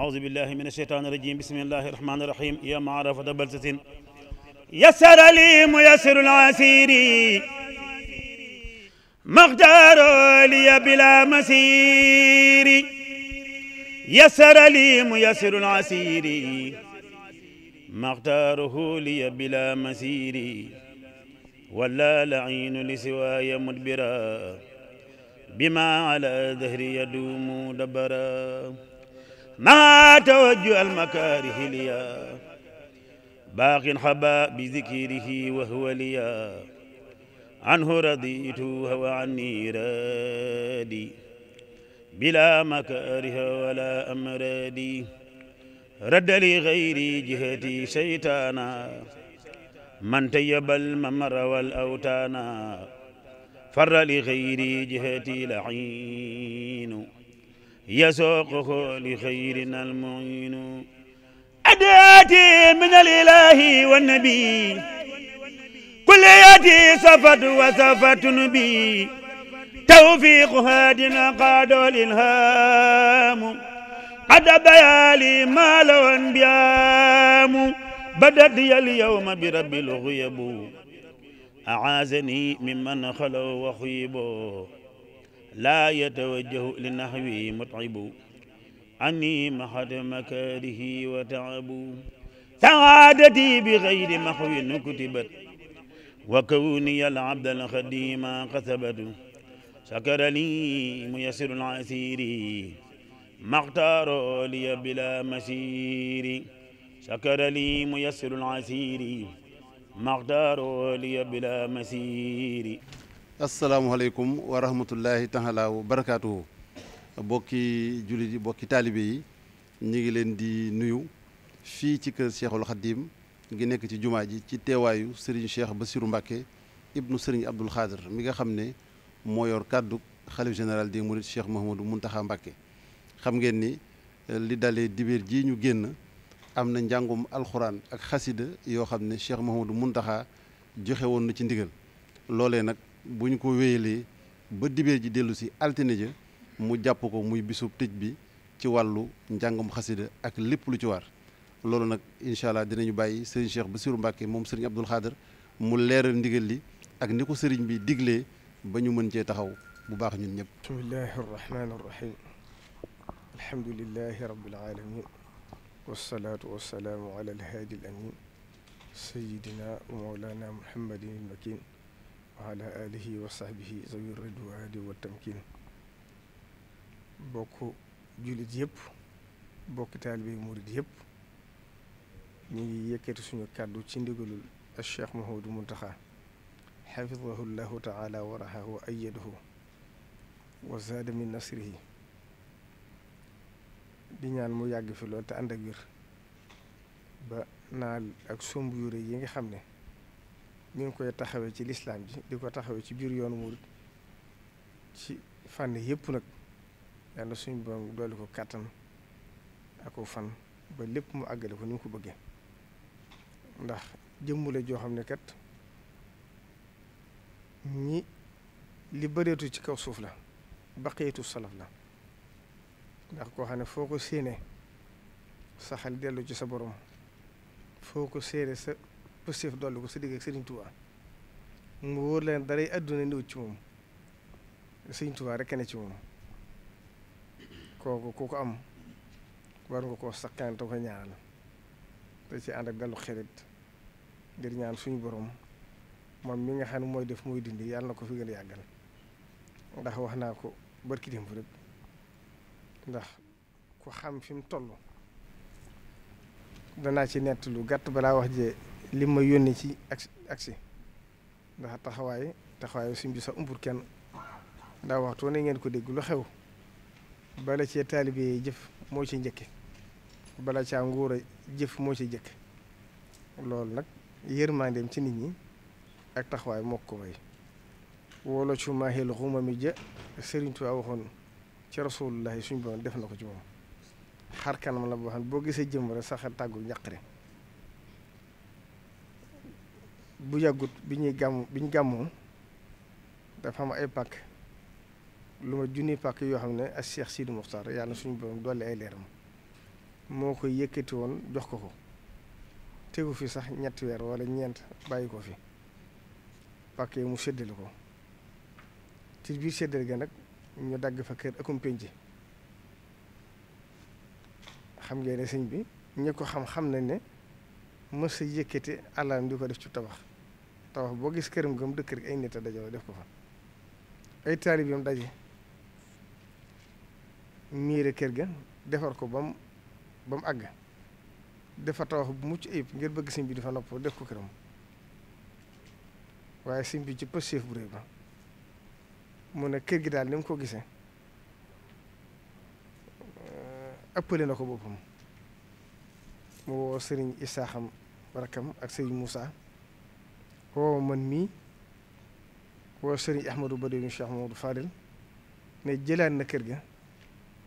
أعوذ بالله من الشيطان الرجيم بسم الله الرحمن الرحيم يا معرفة بلسة يسر لي ميسر العسير مقدار لي بلا مسير يسر لي ميسر العسير مقداره لي بلا مسير ولا لعين لسواي مدبرا بما على ظهري يدوم دبرا ما توجه المكاره ليا باق حبا بذكره وهو ليا عنه رضيت هو عني رادي بلا مكاره ولا أمرادي رد لغيري جهتي شيطانا من تيب الممر والأوتانا فر لغيري جهتي لعين يسوقه لخيرنا المعين أداتي من الإله والنبي كل ياتي صفت وصفت نبي توفيق هادنا قاد الإلهام قد بيالي ما لو أنبيام بدت لي اليوم برب الغيب أعازني ممن خلوا وخيبوا laa yatawajjahu li naxwi mut'ibu anni maxata makaarihi wa taabu saadati bi xayri maxwin kutibat wa kawni al abdal xadima qasabatu sakara li muyassiru al asiri maxtaaro liya bila masiri sakara li muyassiru al asiri maxtaaro liya bila masiri asalaamualeykum wa rahmatullahi taala wa barakaatuhu bokki jullit yi bokki taalibe yi ñu ngi leen di nuyu fii ci kër Cheikhul Khadim ngi nekk ci jumaa ji ci teewaayu Serigne Cheikh Bassirou Mbacké ibnu sëriñ Abdoul Khadir mi nga xam ne moo yor kàddu xalif général des mourides Cheikh Mouhamadou Mountakha Mbacké xam ngeen ni eh, li dalee dibéer ji ñu génn am na njàngum alxuraan ak xasida yoo xam ne Cheikh Mouhamadou Mountakha joxe woon na ci ndigal loolee nag bu ñu ko wéyalee ba dibéer ji dellu si altine ja mu jàpp ko muy bisub tëj bi ci wàllu njàngum xasida ak lépp lu ci war loolu nag incha dina ñu bàyyi sëriñ Cheikh Bassirou Mbacke moom sëriñ Abdoul Khader mu leeral ndigal li ak ni ko sëriñ bi digle ba ñu mën cee taxaw bu baax ñun ñëpp. bismillahi rahmaani rahim alhamdulilahi rabbil alamin wasalaatu wasalaamu ala alhaadi al amin wa mawlana muhammadin al makin wa ala alihi wa sahbihi zawi ridwaani wa tamkin bokk jullit yëpp bokk taalibe murit yëpp ñu ngi yëkkati suñu kàddu ci ndigalul Cheikh Mouhamadou Mountakha xafidahu llahu taala wa rahahu wa ayyadahu wa zaada min nasrihi di ñaan mu yàgg fi lool te ànd ak wér ba naal ak somb yu yi nga xam ne ñu ngi koy taxawee ci lislaam ji di ko taxawee ci biir yoonu murit ci fànn yëpp nag yàlla suñu borom dolli ko kàttan ak ko fan ba lépp mu àggale ko ni mu ko bëggee ndax jëmmule joo xam ne kat ñi li bëreetu ci kaw suuf la baqiyatu salaf la ndax koo xam ne foo ko séenee saxal dellu ci sa borom foo ko séenee sa positif dolli ko sa digg ak Serigne Touba mu wóor leen dara àdduna néew ci moom Serigne Touba rek ne ci moom kooku kooku am war nga koo sakkaan ko ñaanal te ci ànd ak dalu xelit ngir ñaan suñu boroom moom mi nga xam ne mooy def mooy dindi yàlla na ko fi gën a yàggal ndax wax naa ko barki démb rek ndax ku xam fi mu toll danaa ci nett lu gàtt balaa wax jee li ma yónnee ci agsi agsi ndax taxawaay taxawaayu suñ bi sax umpur kenn ndax waxtu ne ngeen ko dégg lu xew bala cee taalibe jëf moo ci njëkke bala caa nguur jëf moo ci njëkk loolu nag yërmandeem ci nit ñi ak taxawaay moo ko may wolo ci maahil xuma mi ja Sëriñ Tuubaa waxoon ci rasulullahi suñ boo def na ko ci moom xar kanam la boo xam boo gisee jëmm rek saxal tàggu njaqare bu yàggut bi ñuy gàmm bi ñu gàmmoo dafa am ay pàkk lu ma junni pàkk yoo xam ne ak Cheikh Sidi Mokhtar yàlla suñu borom dolli ay leeram moo ko yëkkati woon jox ko ko tegu fi sax ñetti weer walla ñeent bàyyi ko fi pàkk yi mu séddale ko ci biir séddale ga nag ñu dagg fa kër akum penc xam ngeen ne sëñ bi ñu ko xam xam nañ ne mës a yëkkati alalam di ko def ci tabax tabax boo gis këram gëm dëkk rek ay nit a dajaloo def ko fa ay taalibeem daje miire kër ga defar ko ba mu àgg dafa tabax bu mucc ayib ngir bëgg sëñ bi dafa nopp def ko këram waaye sëñ bi ci pëstéef bu réy ba mu ne kër gi daal ni mu ko gisee euh, ëppale na ko boppam mu woo sëriñ Isaaxam rakkam ak sëriñ Moussa woo man mii woo sëriñ Ahmadou Badawi Cheikh Mamadou Fadel ne jëlaat na kër ga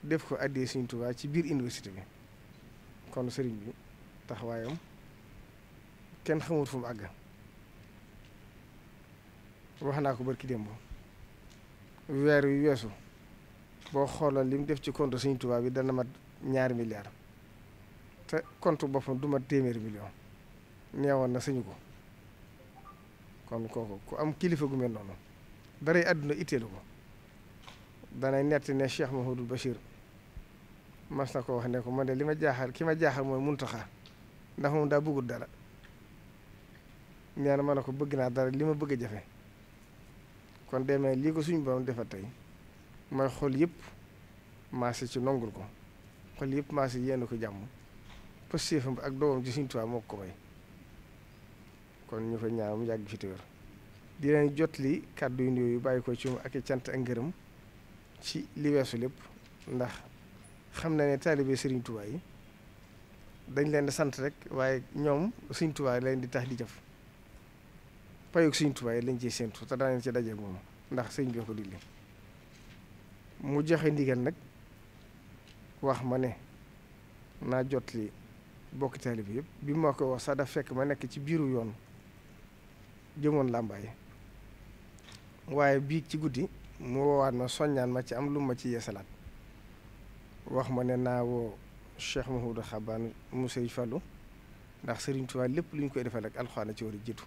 def ko àddee Sëriñ Tuubaa ci biir université bi kon sëriñ bi taxawaayam kenn xamut fu mu àgg wax naa ko barki démb weer wi weesu boo xoolal li mu def ci compte Sëriñ Tuubaa bi dana ma ñaari milliards te compte boppam du mat téeméeri million neewoon na sañu ko kon kooku ku am kilifa gu mel noonu daray àdduna itteelu ko danay nett ne Cheikh Mahmoudou Bachir mas na ko wax ne ko man de li ma jaaxal ki ma jaaxal mooy mun taxa ndax moom daa bëggul dara nee na ma ne ko bëgg naa dara li ma bëgg a jafe kon demee lii ko suñu borom defa tey may xol yëpp maase ci nongul ko xol yëpp maase yéen ko jàmm pëstéefam ak doomam ci suñu tubaab moo ko may kon ñu fa ñaan mu yàgg fi te di leen jot li kàddu yu néew yu bàyyi ko ci moom ak i cant ak ngërëm ci li lépp ndax xam na ne taalibe Serigne Touba yi dañ leen di sant rek waaye ñoom Serigne Touba leen di tax di jëf payug Serigne Touba lañ ciy séentu te daañu ci daje moom ndax sëñ bi ko digli mu joxe ndigal nag wax ma ne naa jot li bokk taalibe yëpp bi moo ko wax sax daf fekk ma nekk ci biiru yoon. jëmoon làmbaay waaye bii ci guddi mu woowaat ma soññaan ma ci am lu ma ci yeesalaat wax ma ne naa woo Cheikh Mahmoud Xabaan mu sëriñ Fallu ndax sëriñ Tuubaa lépp lu ñu koy defal ak alxuraan ci war a jiitu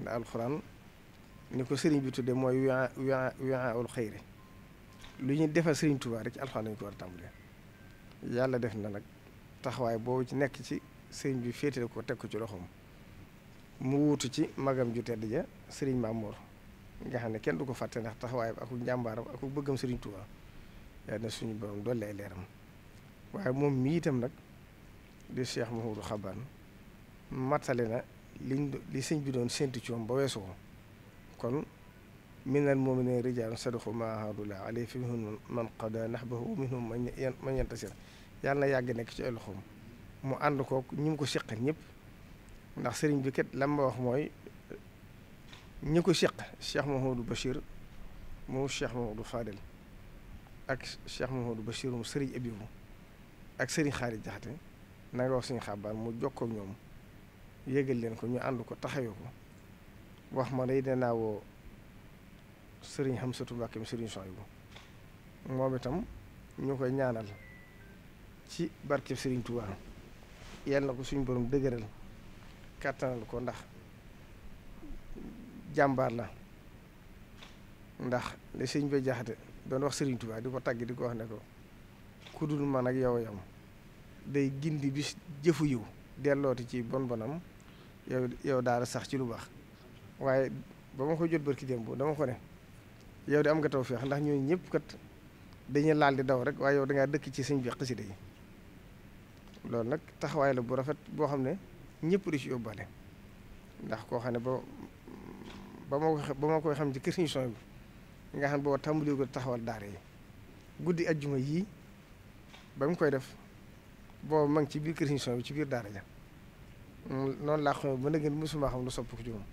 ndax alxuraan ni ko sëriñ bi tudde mooy wi'a wi'a wi'aul xayri lu ñuy defal sëriñ Tuubaa rek alxuraan lañu ko war a tàmbalee yàlla def na nag taxawaay boobu ci nekk ci sëriñ bi féetale ko teg ko ci loxoom mu wuutu ci magam ju tedd ja sëriñ Mamour nga xam ne kenn du ko fàtte ndax taxawaayam ak njàmbaaram ak bëggam sëriñ Touba yàlla na suñu borom doole ay leeram waaye moom mii itam nag di Cheikh Mouhamadou Xabaan mattale na liñ li sëñ bi doon séntu ci ba weesu ko kon minal mu'minina rijaalun sadaqu maa aahadu Llaaha alayhi fa minhum man qadaa nahbahu wa minhum man yantasir yàlla na yàgg nekk ci ay loxoom mu ànd kook ñi ko seqal ñëpp ndax sëriñ bi kat lam ma wax mooy ñi ko seq Cheikh Mouhamadou Bachir moom Cheikh Mouhamadou Fadel ak Cheikh du Bachir moom sëriñ Abibou ak sëriñ Xaarit Jaxate na wax suñu xabaar mu jokkoo ñoom yégal leen ko ñu ànd ko taxayoo ko wax ma day danaa sëriñ xam Mbàkke mi sëriñ Soyibu moom itam ñu koy ñaanal ci barkeb sëriñ Tuubaa yàlla na ko suñu borom dëgëral kàttanal ko ndax jàmbaar la ndax li sëñ bi jaxate doon wax Sëriñ Tuubaa di ko tàgg di ko wax ne ko ku dul man ak yow yam day gindi bis jëfu yiw dellooti ci bon bonam yow yow daal sax ci lu baax waaye ba ma ko jot barki démb dama ko ne yow de am nga taw tawfeex ndax ñooñu ñëpp kat dañuy laal di daw rek waaye yow dangaa dëkk ci sëñ bi xasida yi loolu nag taxawaay la bu rafet boo xam ne ñëpp di ci yóbbaale ndax koo xam ne ba ba ma ko ba ma koy xam ci kër suñu son bi nga xam ne boo tàmbali ko taxawal daara yi guddi ajjuma yii ba mu koy def boo mag ci biir kër suñu son bi ci biir daar ja noonu laa xam ba na ngeen mosuma xam lu sopp ko ci moom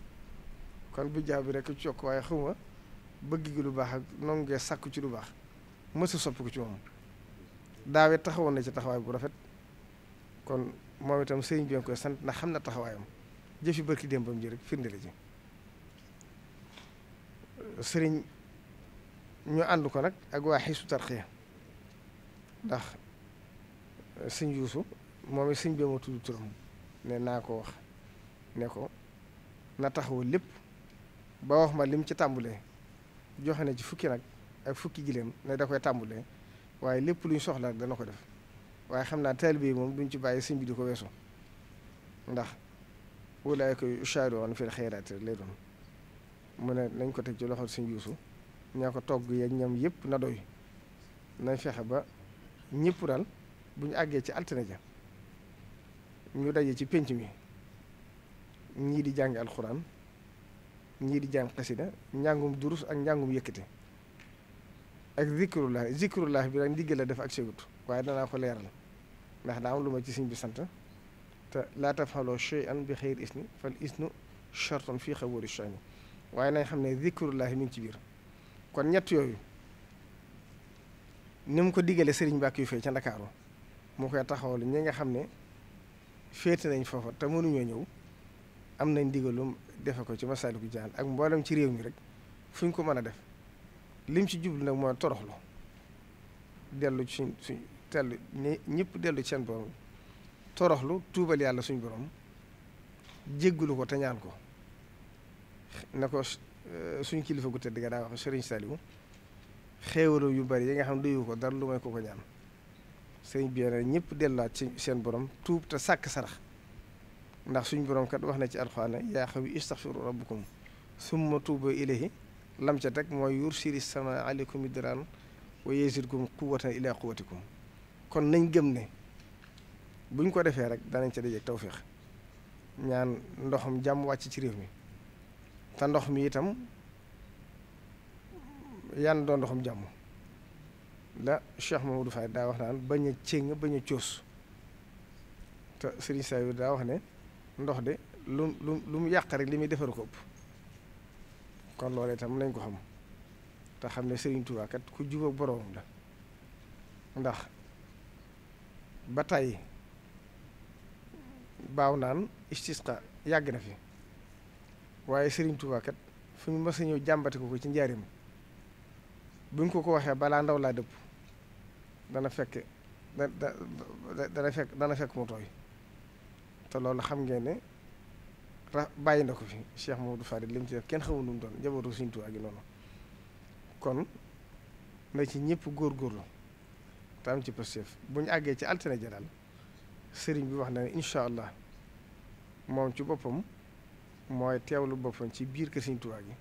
kon bu bi rek ci yokk waaye ma bëgg gi lu baax ak noonu ngee sàkku ci lu baax mësu sopp ko ci moom daawee taxawoon na ci taxawaay bu rafet kon moom itam sëriñ bi nga koy sant ndax xam na taxawaayam jëfi barki démbam ji rek firnde ji sëriñ ñu ànd ko nag ak waa xiisu tarxiya ndax sëñ yuusu moom it sëñ bi ma tudd turam ne naa ko wax ne ko na taxawu lépp ba wax ma lim ci tàmbulee joxe na ci fukki nag ak fukki gileem ne da koy tàmbulee waaye lépp luñ soxla dana ko def waaye xam naa taalibe yi moom duñ ci bàyyi sëñ bi di ko weesu ndax wulaay koy ushaariwoon fil xayraat lay doon mu ne nañ ko teg ci loxo sëñ Yuusu ñaa ko togg yeeg ñam yëpp na doy nañ fexe ba ñëpp daal bu ñu àggee ci altine ja ñu daje ci pénc mi ñii di jàng alxuraan ñii di jàng xasida njàngum durus ak njàngum yëkkati ak zikrullah zikrullah bi nag ndigal la def ak segut waaye danaa ko leeral ndax daa am lu ma ci siñ bi sant te laa tafaloo shay'an bi is isni fal isnu shartun fii xaboori shay'an waaye nañ xam ne zikrullahi mi ngi ci biir kon ñett yooyu ni mu ko diggalee sëriñ Mbàkke yu fee ca Ndakaaru moo koy taxawal ñi nga xam ne féete nañ foofa te mënuñoo ñëw am nañ digalum defe ko ci Masaalikul Jinaan ak mboolem ci réew mi rek fu ñu ko mën a def lim ci jublu nag mooy toroxlu dellu ci suñ tellu ne ñëpp dellu ci seen borom toroxlu tuubal yàlla suñ boroom jéggulu ko te ñaan ko na ko eh, suñ kilifa gu tëdd ga daa wax sëriñ Saliou xéewalu yu bari yi nga xam duyu ko dara lu may ko ko ñaan sëriñ bi ne ñëpp ci seen borom tuub te sàkk sarax ndax suñ borom kat wax na ci alxuraan yaa xaw yi istaxfiru rabbukum summa tuuba ilayhi lam ca teg mooy yursili sama aleykum idraan wa yezidkum quwwatan ila quwwatikum kon nañ gëm ne buñ ko defee rek danañ ca dajeeg tawféex ñaan ndoxum jàmm wàcc ci réew mi te ndox mi itam yan doon ndoxum jàmm la Cheikh Mamadou Faye daa wax naan bañ a céng bañ a coos te Serigne bi daa wax ne ndox de lu lu lu mu yàq li muy defar ko ëpp kon loolu itam nañ ko xam te xam ne Serigne Touba ku jub ak boroomam la ndax. ba tey baaw naan istisqa yàgg na fi waaye Serigne Touba kat fu ñu mës ñëw jàmbate ko ko ci njaarim buñ ko ko waxee balaa ndaw laa dëpp dana fekk da dana fekk dana fekk mu tooy te loolu xam ngeen ne ra bàyyi na ko fi Cheikh Mamadou Farid li mu ci def kenn xamul nu mu doon njabootu Serigne Touba gi noonu kon na ci ñëpp góorgóorlu. te ci Pastef bu ñu àggee ci altine ja daal sëriñ bi wax na ne incha allah moom ci boppam mooy teewlu boppam ci biir kër Sëriñ Tuubaa gi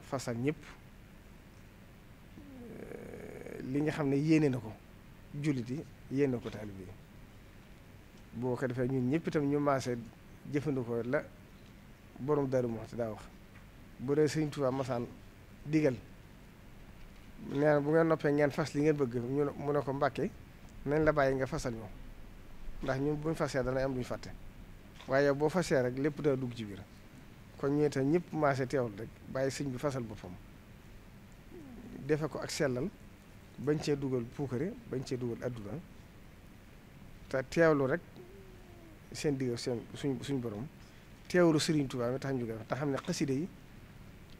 fasal ñëpp eh, li nga xam ne yéene na ko jullit yi yéene na ko taalibe boo ko defee ñun ñëpp itam ñu maase jëfandikoo la borom Daaru Muxti daa wax bu dee Sëriñ Tuubaa masaan digal nee bu ngeen noppee ngeen fas li ngeen bëgg ñu ne mu ne ko mbàkke nañ la bàyyi nga fasal ñu ndax ñun buñ fasee dana am lu fàtte waaye boo fasee rek lépp dana dugg ci biir kon ñooy te ñëpp maase teewul rek bàyyi sëñ bi fasal boppam defe ko ak sellal bañ cee dugal puukare bañ cee dugal adduna te teewlu rek seen digg seen suñ suñ borom teewlu Sëriñ Tuubaa mi tax ñu gën te xam ne xaside yi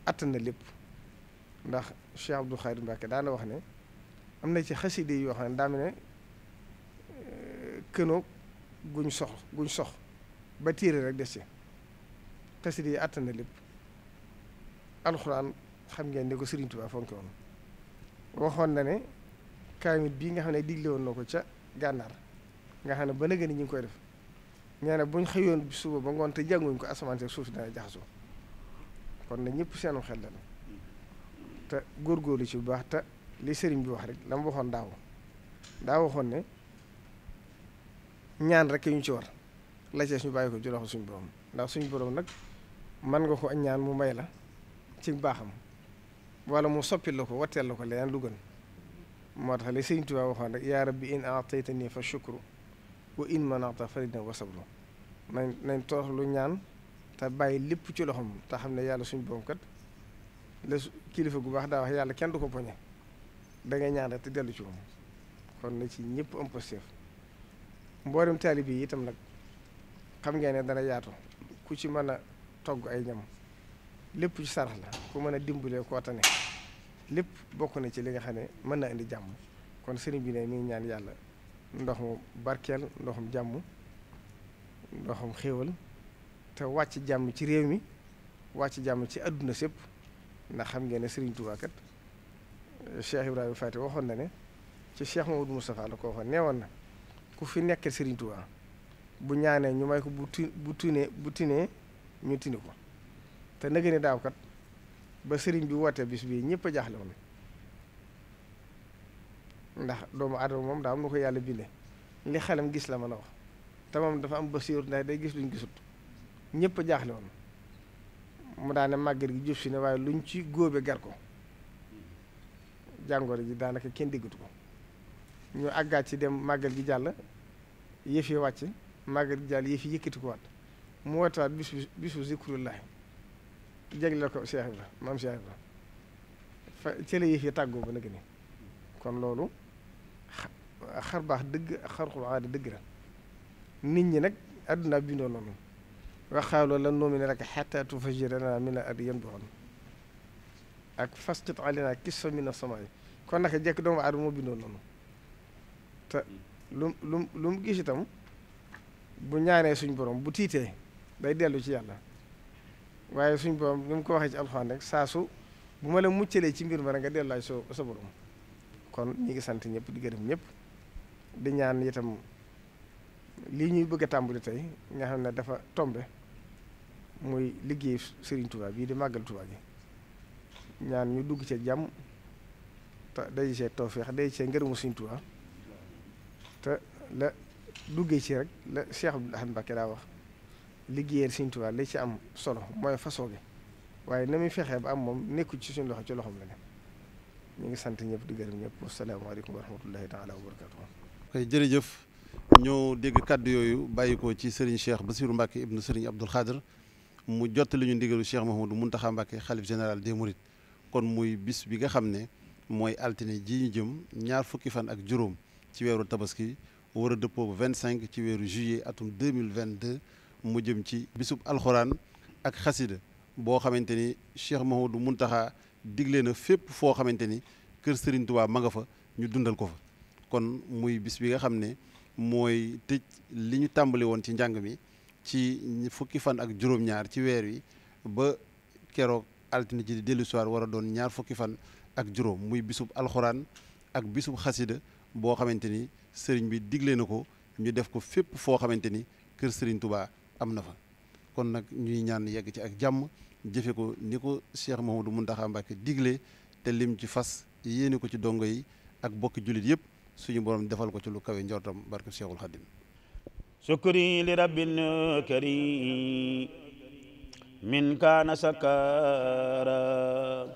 attan na lépp. ndax Cheikh Abdou Khadre Mbacké daana wax ne am na ci xaside yoo xam ne daa mel ne euh, kënoog guñ sox guñ sox ba tiire rek des ci xaside yi àttan na lépp alxuraan xam ngeen ne ko Serigne Touba fonke woon waxoon na ne kaamit bii nga xam ne digle woon na ko ca gànnaar nga xam ne ba léegi ni ñu ngi koy def nee na buñ xëyoon suba ba ngoon te jànguñ ko asamaan suuf dana jaxasoo kon na ñëpp seenu xel la te góor góorgóorlu ci bu baax te li sëriñ bi wax rek la mu waxoon daaw daa waxoon ne ñaan rek ñu ci war la cees ñu bàyyi ko ci loxo suñu borom ndax suñu borom nag mën nga ko ñaan mu may la ci baaxam walla mu soppil la ko watteel la ko leneen lu gën moo tax li sëriñ Tuubaa waxoon rek yaa rabbi in aataytani fa shukru wa in manata faridna wa sabru nañ nañ torox lu ñaan te bàyyi lépp ci loxom te xam ne yàlla suñu borom kat la kilifa gu baax yàlla kenn du ko poñe da ngay ci moom kon ci ñëpp mboolem taalibe yi itam nag xam ngeen ne dana yaatu ku ci mën a togg ay ñam lépp ci sarax la ku mën a dimbalee koo lépp bokk na ci li nga xam ne mën na indi jàmm kon sëriñ bi ne mi ngi ñaan yàlla ndox mu barkeel ndoxum jàmm ndoxum xéewal te wàcc jàmm ci réew mi wàcc jàmm ci àdduna sépp ndax xam ngeen ne Serigne Touba kat Cheikh Ibrahima waxoon na ne ci Cheikh Mamadou Moustapha la ko waxoon nee woon na ku fi nekkee Serigne bu ñaanee ñu may ko bu tu bu tunee bu tinee ñu tini ko te nag ne daaw kat ba sëriñ bi woote bis bii ñëpp a jaaxle woon ndax doomu aadama moom daa am na ko yàlla bindee li xelam gis la mën a wax te moom dafa am basiir ndax day gis luñ gisut ñëpp a jaaxle woon mu daane màggal gi jub si ne waaye luñ ci góobe gar ko jàngoro ji daanaka kenn déggatu ko ñu àggaat ci dem màggal gi jàll yëf yi wàcc màggal gi jàll yëf yi yëkkati ko waat mu wootaat bisu bisu zikrullahi jagleel ko Cheikh Ibra maam Cheikh Ibra fa ci la tàggoo ba nag ni kon loolu xar baax dëgg xar xul aada dëgg la nit ñi nag àdduna bindoo noonu waxaalu lan nu'mina laka ni tufajjira lanaa mina al-ardi yanbu'an ak fasqit alaynaa kisfan mina samaa'i kon naka jekk doomu aadama moo bindoo noonu te lu lu mu gis itam bu ñaanee suñ borom bu tiitee day dellu ci yàlla waaye suñ borom ni mu ko waxee ci alxuraan rek saa su bu ma la muccalee ci mbir ma rek nga delluwaay so sa borom kon ñi ngi sant ñëpp di gërëm ñépp di ñaan itam lii ñuy bëgg a tàmbali tey nga xam ne dafa tombe muy liggéey Serigne Touba bii di màggal Touba gi ñaan ñu dugg ci jàmm te day see tawféex day see ngërëmu Serigne Touba te la duggee ci rek la Cheikh Abdoul Ahad Mbacké daa wax liggéeyal Serigne Touba li ci am solo mooy façon gi waaye na muy fexee ba am moom nekku ci suñu loxo ci loxo la ne ñu ngi sant ñëpp di gërëm ñëpp wasalaamaaleykum wa rahmatullahi taala wa barakatuh ay jërëjëf ñoo dégg kàddu yooyu bàyyi ko ci Serigne Cheikh Bassirou Mbacké ibnu Serigne Abdoul Khadr mu jottali ñu ndigalu Cheikh mun Mountakha Mbacké xalif général des Mourides kon muy bis bi nga xam ne mooy altine ji ñu jëm ñaar fukki fan ak juróom ci weeru tabaski war a dëppoo bu cinq ci weeru juillet atum 2022 mu jëm ci bisub alxuraan ak xasida boo xamante ni Cheikh mun Mountakha digle na fépp foo xamante ni kër Serigne Touba ma nga fa ñu dundal ko fa kon muy bis bi nga xam ne mooy tëj li ñu tàmbali woon ci njàng mi ci fukki fan ak juróom-ñaar ci weer wi ba keroog altine ci di dellu soir war doon ñaar fukki fan ak juróom muy bisub alxuraan ak bisub xasida boo xamante ni sëriñ bi digle na ko ñu def ko fépp foo xamante ni kër sëriñ Touba am na fa kon nag ñuy ñaan yegg ci ak jàmm jëfe ko ni ko Cheikh Mouhamadou Mountakha Mbacké digle te lim ci fas yéene ko ci dongo yi ak bokki jullit yëpp suñu borom defal ko ci lu kawe njortam barke Cheikhul Khadim شكري لرب كريم من كان سكارا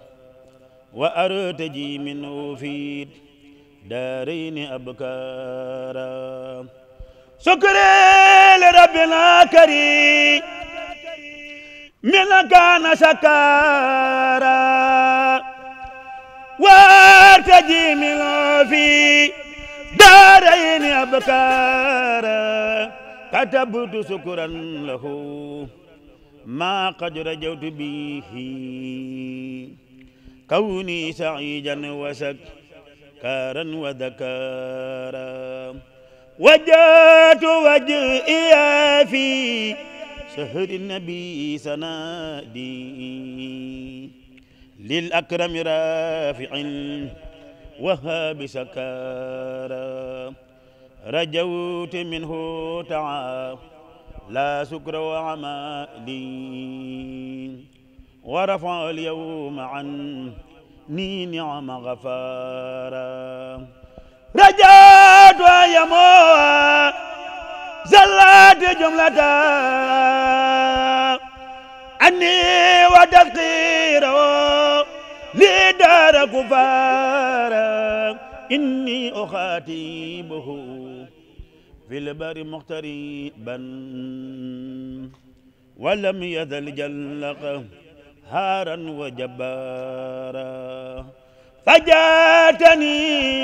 وأرتجي منه في دارين أبكارا شكري لربنا كريم من كان سكارا وأرتجي منه في دارين أبكارا katabtu sukuran lahu ma qad rajawtu bihi kawni sa'idan wa sakaran wa dakara wajjahtu wajhiya fi shahri nabi sanadi lil akrami rafi'il wahhabi sakara رجوت منه تعا لا سكر وعمى لي ورفع اليوم عني نعم غفارا رجعت ويموت زلات جملة أني وتذكيره لدار كفارا إني أخاتبه في البر مقتربا ولم يزل جلق هارا وجبارا فجاتني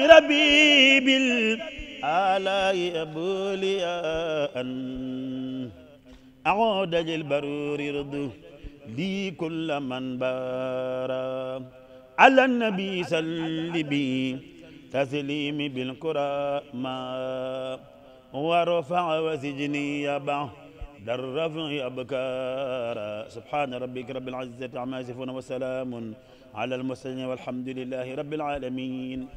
ربي بالآلاء أبولياء أعود للبرور رضو لي كل من بارا على النبي سلبي تسليمي بالكرامة ورفع وسجني بعد الرفع أبكارا سبحان ربك رب العزة عما يصفون وسلام على المرسلين والحمد لله رب العالمين